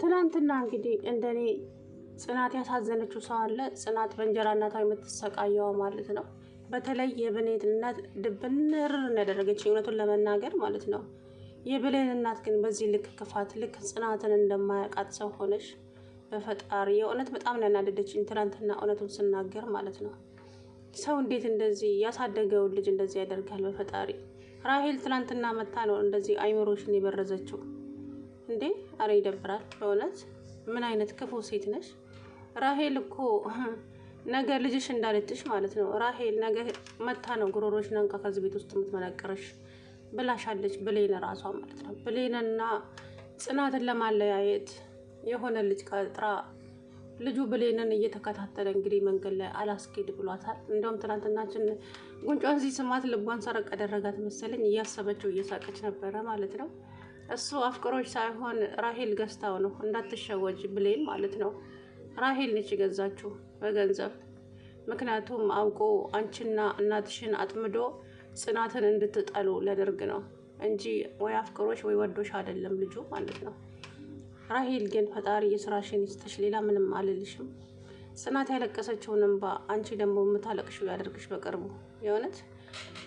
ትናንትና እንግዲህ እንደኔ ጽናት ያሳዘነችው ሰው አለ። ጽናት በእንጀራ እናቷ የምትሰቃየዋ ማለት ነው። በተለይ የብሌን እናት ድብን ርርን ያደረገች እውነቱን ለመናገር ማለት ነው። የብሌን እናት ግን በዚህ ልክ ክፋት፣ ልክ ጽናትን እንደማያውቃት ሰው ሆነች። በፈጣሪ የእውነት በጣም ነው ያናደደችኝ ትናንትና እውነቱን ስናገር ማለት ነው። ሰው እንዴት እንደዚህ ያሳደገውን ልጅ እንደዚህ ያደርጋል? በፈጣሪ ራሄል ትናንትና መታ ነው እንደዚህ አይምሮሽን የበረዘችው። እንዴ አረ ይደብራል በእውነት ምን አይነት ክፉ ሴት ነሽ ራሄል እኮ ነገ ልጅሽ እንዳለትሽ ማለት ነው ራሄል ነገ መታ ነው ጉሮሮች ነንቃ ከዚህ ቤት ውስጥ የምትመነቅርሽ ብላሻለች ብሌን ራሷ ማለት ነው ብሌንና ጽናትን ለማለያየት የሆነ ልጅ ቀጥራ ልጁ ብሌንን እየተከታተለ እንግዲህ መንገድ ላይ አላስኬድ ብሏታል። እንደውም ትናንትናችን ጉንጯን ሲስማት ልቧን ሰረቅ ያደረጋት መሰለኝ እያሰበችው እየሳቀች ነበረ ማለት ነው። እሱ አፍቅሮች ሳይሆን ራሄል ገዝታው ነው። እንዳትሸወጅ ብሌን ማለት ነው። ራሄል ነች የገዛችው በገንዘብ ምክንያቱም አውቆ አንቺና እናትሽን አጥምዶ ጽናትን እንድትጠሉ ሊያደርግ ነው እንጂ ወይ አፍቅሮች ወይ ወዶሽ አይደለም ልጁ ማለት ነው። ራሄል ግን ፈጣሪ የስራሽን ይስጥሽ፣ ሌላ ምንም አልልሽም። ጽናት ያለቀሰችውን እንባ አንቺ ደግሞ የምታለቅሽው ያደርግሽ በቅርቡ የእውነት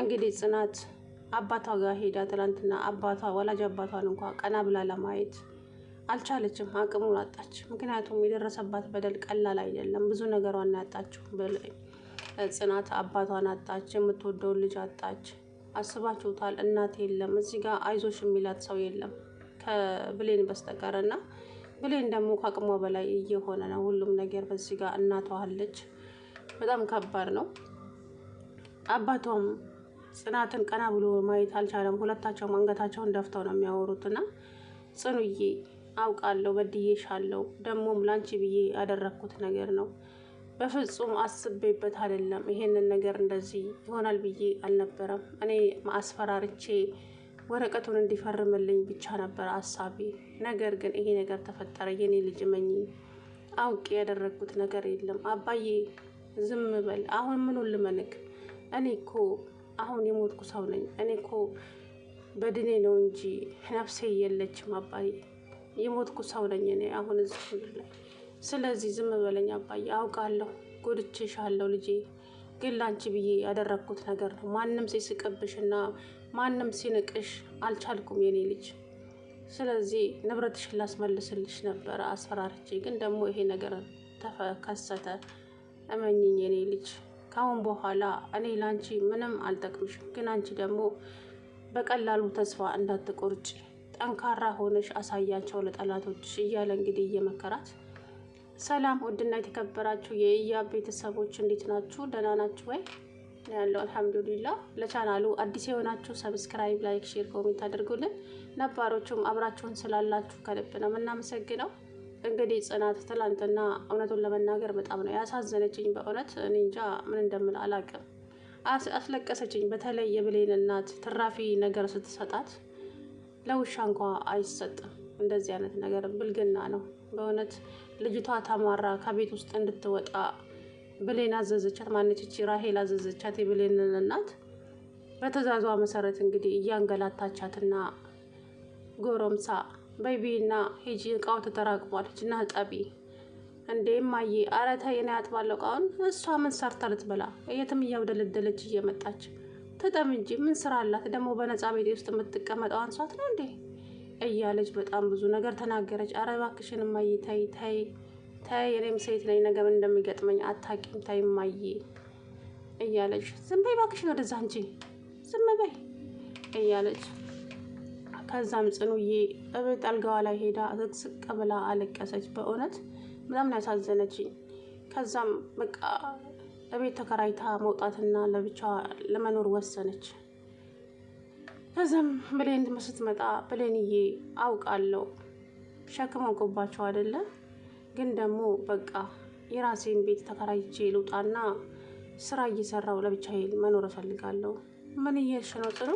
እንግዲህ ጽናት አባቷ ጋር ሄዳ ትላንትና አባቷ ወላጅ አባቷን እንኳ ቀና ብላ ለማየት አልቻለችም፣ አቅሙን አጣች። ምክንያቱም የደረሰባት በደል ቀላል አይደለም። ብዙ ነገሯን ያጣችሁ ጽናት አባቷን አጣች፣ የምትወደውን ልጅ አጣች። አስባችሁታል? እናት የለም፣ እዚህ ጋር አይዞሽ የሚላት ሰው የለም ከብሌን በስተቀር እና ብሌን ደግሞ ከአቅሟ በላይ እየሆነ ነው ሁሉም ነገር። በዚህ ጋር እናቷ አለች። በጣም ከባድ ነው። አባቷም ጽናትን ቀና ብሎ ማየት አልቻለም። ሁለታቸውም አንገታቸውን ደፍተው ነው የሚያወሩት እና ጽኑዬ አውቃለሁ በድዬሻለሁ፣ ደግሞም ላንቺ ብዬ ያደረግኩት ነገር ነው። በፍጹም አስቤበት አይደለም። ይሄንን ነገር እንደዚህ ይሆናል ብዬ አልነበረም። እኔ አስፈራርቼ ወረቀቱን እንዲፈርምልኝ ብቻ ነበር አሳቤ ነገር ግን ይሄ ነገር ተፈጠረ። የኔ ልጅ መኝ አውቄ ያደረግኩት ነገር የለም። አባዬ ዝም በል። አሁን ምኑን ልመንክ? እኔ እኮ አሁን የሞትኩ ሰው ነኝ። እኔ እኮ በድኔ ነው እንጂ ነፍሴ የለችም አባዬ። የሞትኩ ሰው ነኝ እኔ አሁን እዚህ ላይ። ስለዚህ ዝም በለኝ አባዬ። አውቃለሁ ጎድቼሻለሁ ልጄ፣ ግን ላንቺ ብዬ ያደረግኩት ነገር ነው። ማንም እና ማንም ሲንቅሽ አልቻልኩም የኔ ልጅ። ስለዚህ ንብረትሽን ላስመልስልሽ ነበረ አስፈራርቼ፣ ግን ደግሞ ይሄ ነገር ተከሰተ። እመኝኝ የኔ ልጅ ካሁን በኋላ እኔ ላንቺ ምንም አልጠቅምሽም፣ ግን አንቺ ደግሞ በቀላሉ ተስፋ እንዳትቆርጭ ጠንካራ ሆነሽ አሳያቸው ለጠላቶች እያለ እንግዲህ እየመከራት ሰላም ውድና የተከበራችሁ የእያ ቤተሰቦች እንዴት ናችሁ? ደህና ናችሁ ወይ? ያለው አልሐምዱሊላ። ለቻናሉ አዲስ የሆናችሁ ሰብስክራይብ፣ ላይክ፣ ሼር፣ ኮሜንት አድርጉልን። ነባሮቹም አብራችሁን ስላላችሁ ከልብ ነው የምናመሰግነው። እንግዲህ ጽናት ትላንትና እውነቱን ለመናገር በጣም ነው ያሳዘነችኝ። በእውነት እኔ እንጃ ምን እንደምል አላቅም። አስለቀሰችኝ። በተለይ የብሌን እናት ትራፊ ነገር ስትሰጣት ለውሻ እንኳ አይሰጥም። እንደዚህ አይነት ነገር ብልግና ነው በእውነት። ልጅቷ ተማራ ከቤት ውስጥ እንድትወጣ ብሌን አዘዘቻት። ማነችች? ራሄል አዘዘቻት የብሌንን እናት። በትዕዛዟ መሰረት እንግዲህ እያንገላታቻትና ጎረምሳ በይቢ እና ሂጂ እቃው ተጠራቅሟለች እና እጠቢ። እንዴ ማዬ፣ አረተ ተይ እኔ አጥባለሁ እቃውን። እሷ ምን ሰርታ ልትበላ የትም እያውደለደለች እየመጣች ትጠብ እንጂ ምን ስራ አላት ደግሞ በነፃ ቤቴ ውስጥ የምትቀመጠው አንሷት ነው እንዴ እያለች በጣም ብዙ ነገር ተናገረች። አረ እባክሽን እማዬ ተይ ተይ ተይ፣ እኔም ሴት ነኝ ነገ ምን እንደሚገጥመኝ አታውቂም። ተይ ማየ እያለች ዝም በይ እባክሽን ወደዛ እንጂ ዝም በይ እያለች ከዛም ጽኑዬ እቤት አልጋዋ ላይ ሄዳ ስቅስቅ ብላ አለቀሰች። በእውነት በጣም ነው ያሳዘነችኝ። ከዛም በቃ እቤት ተከራይታ መውጣትና ለብቻ ለመኖር ወሰነች። ከዛም ብሌን ስትመጣ ብሌንዬ አውቃለሁ ሸክም ሆንኩባቸው አይደለ፣ ግን ደግሞ በቃ የራሴን ቤት ተከራይቼ ልውጣና ስራ እየሰራው ለብቻዬ መኖር እፈልጋለሁ። ምን እየሽ ነው ጽኑ?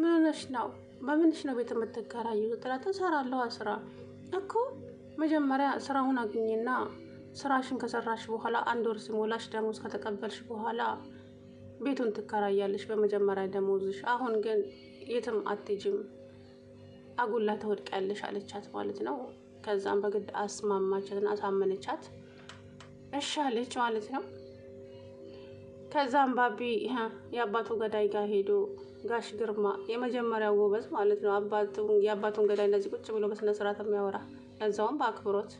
ምን ነሽ ነው በምንሽ ነው ቤት የምትከራዩ? ጥረት እሰራለሁ ስራ እኮ መጀመሪያ ስራውን አግኝና ስራሽን ከሰራሽ በኋላ አንድ ወር ሲሞላሽ ደሞዝ ከተቀበልሽ በኋላ ቤቱን ትከራያለሽ በመጀመሪያ ደሞዝሽ። አሁን ግን የትም አትጅም አጉላ ተወድቂያለሽ አለቻት ማለት ነው። ከዛም በግድ አስማማቻትና አሳመነቻት። እሺ አለች ማለት ነው። ከዛም ባቢ የአባቱ ገዳይ ጋር ሄዶ ጋሽ ግርማ የመጀመሪያው ጎበዝ ማለት ነው። የአባቱን ገዳይ እንደዚህ ቁጭ ብሎ በስነ ስርዓት የሚያወራ ለዛውም በአክብሮት።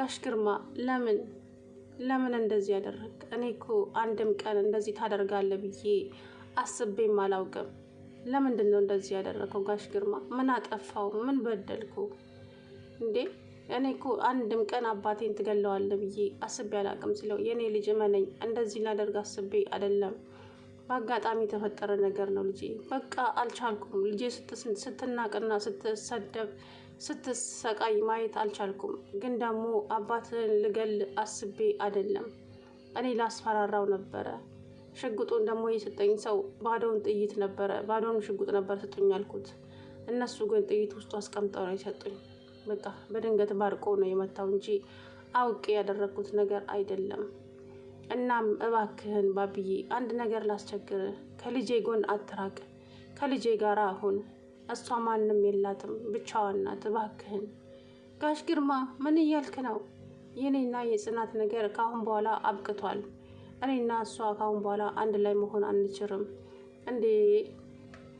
ጋሽ ግርማ ለምን ለምን እንደዚህ ያደረግ? እኔ እኮ አንድም ቀን እንደዚህ ታደርጋለህ ብዬ አስቤም አላውቅም። ለምንድን ነው እንደዚህ ያደረገው? ጋሽ ግርማ ምን አጠፋው? ምን በደልኩ እንዴ? እኔ እኮ አንድም ቀን አባቴን ትገለዋለህ ብዬ አስቤ አላውቅም ሲለው የእኔ ልጅ እመነኝ፣ እንደዚህ ላደርግ አስቤ አይደለም በአጋጣሚ የተፈጠረ ነገር ነው ልጄ። በቃ አልቻልኩም። ልጄ ስትናቅና ስትሰደብ ስትሰቃይ ማየት አልቻልኩም። ግን ደግሞ አባትን ልገል አስቤ አይደለም፣ እኔ ላስፈራራው ነበረ። ሽጉጡን ደግሞ የሰጠኝ ሰው ባዶውን ጥይት ነበረ፣ ባዶውን ሽጉጥ ነበር ስጡኝ ያልኩት። እነሱ ግን ጥይት ውስጡ አስቀምጠው ነው የሰጡኝ። በቃ በድንገት ባርቆ ነው የመታው እንጂ አውቄ ያደረግኩት ነገር አይደለም። እናም እባክህን ባብዬ አንድ ነገር ላስቸግር፣ ከልጄ ጎን አትራቅ፣ ከልጄ ጋር አሁን እሷ ማንም የላትም ብቻዋን ናት፣ እባክህን። ጋሽ ግርማ ምን እያልክ ነው? የኔና የጽናት ነገር ካሁን በኋላ አብቅቷል። እኔና እሷ ከአሁን በኋላ አንድ ላይ መሆን አንችርም። እንዴ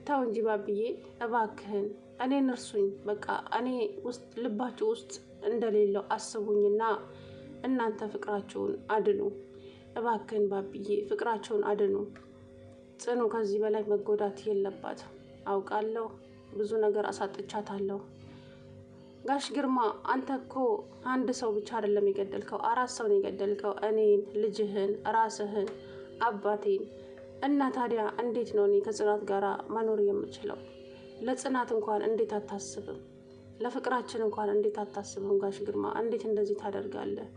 ተው እንጂ ባብዬ እባክህን፣ እኔን እርሱኝ። በቃ እኔ ውስጥ ልባችሁ ውስጥ እንደሌለው አስቡኝና እናንተ ፍቅራችሁን አድኑ። እባክን ባብዬ ፍቅራቸውን አድኑ። ጽኑ ከዚህ በላይ መጎዳት የለባት። አውቃለሁ ብዙ ነገር አሳጥቻታለሁ። ጋሽ ግርማ አንተ እኮ አንድ ሰው ብቻ አይደለም የገደልከው፣ አራት ሰው ነው የገደልከው። እኔን፣ ልጅህን፣ ራስህን፣ አባቴን እና ታዲያ እንዴት ነው እኔ ከጽናት ጋር መኖር የምችለው? ለጽናት እንኳን እንዴት አታስብም? ለፍቅራችን እንኳን እንዴት አታስብም? ጋሽ ግርማ እንዴት እንደዚህ ታደርጋለህ?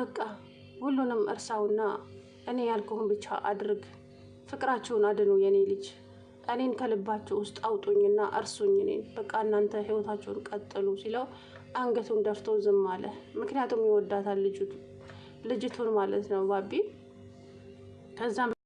በቃ ሁሉንም እርሳውና እኔ ያልኩህን ብቻ አድርግ። ፍቅራችሁን አድኑ የኔ ልጅ። እኔን ከልባችሁ ውስጥ አውጡኝና እርሱኝ እኔን። በቃ እናንተ ህይወታችሁን ቀጥሉ ሲለው አንገቱን ደፍቶ ዝም አለ። ምክንያቱም ይወዳታል ልጅቱን ማለት ነው ባቢ። ከዛም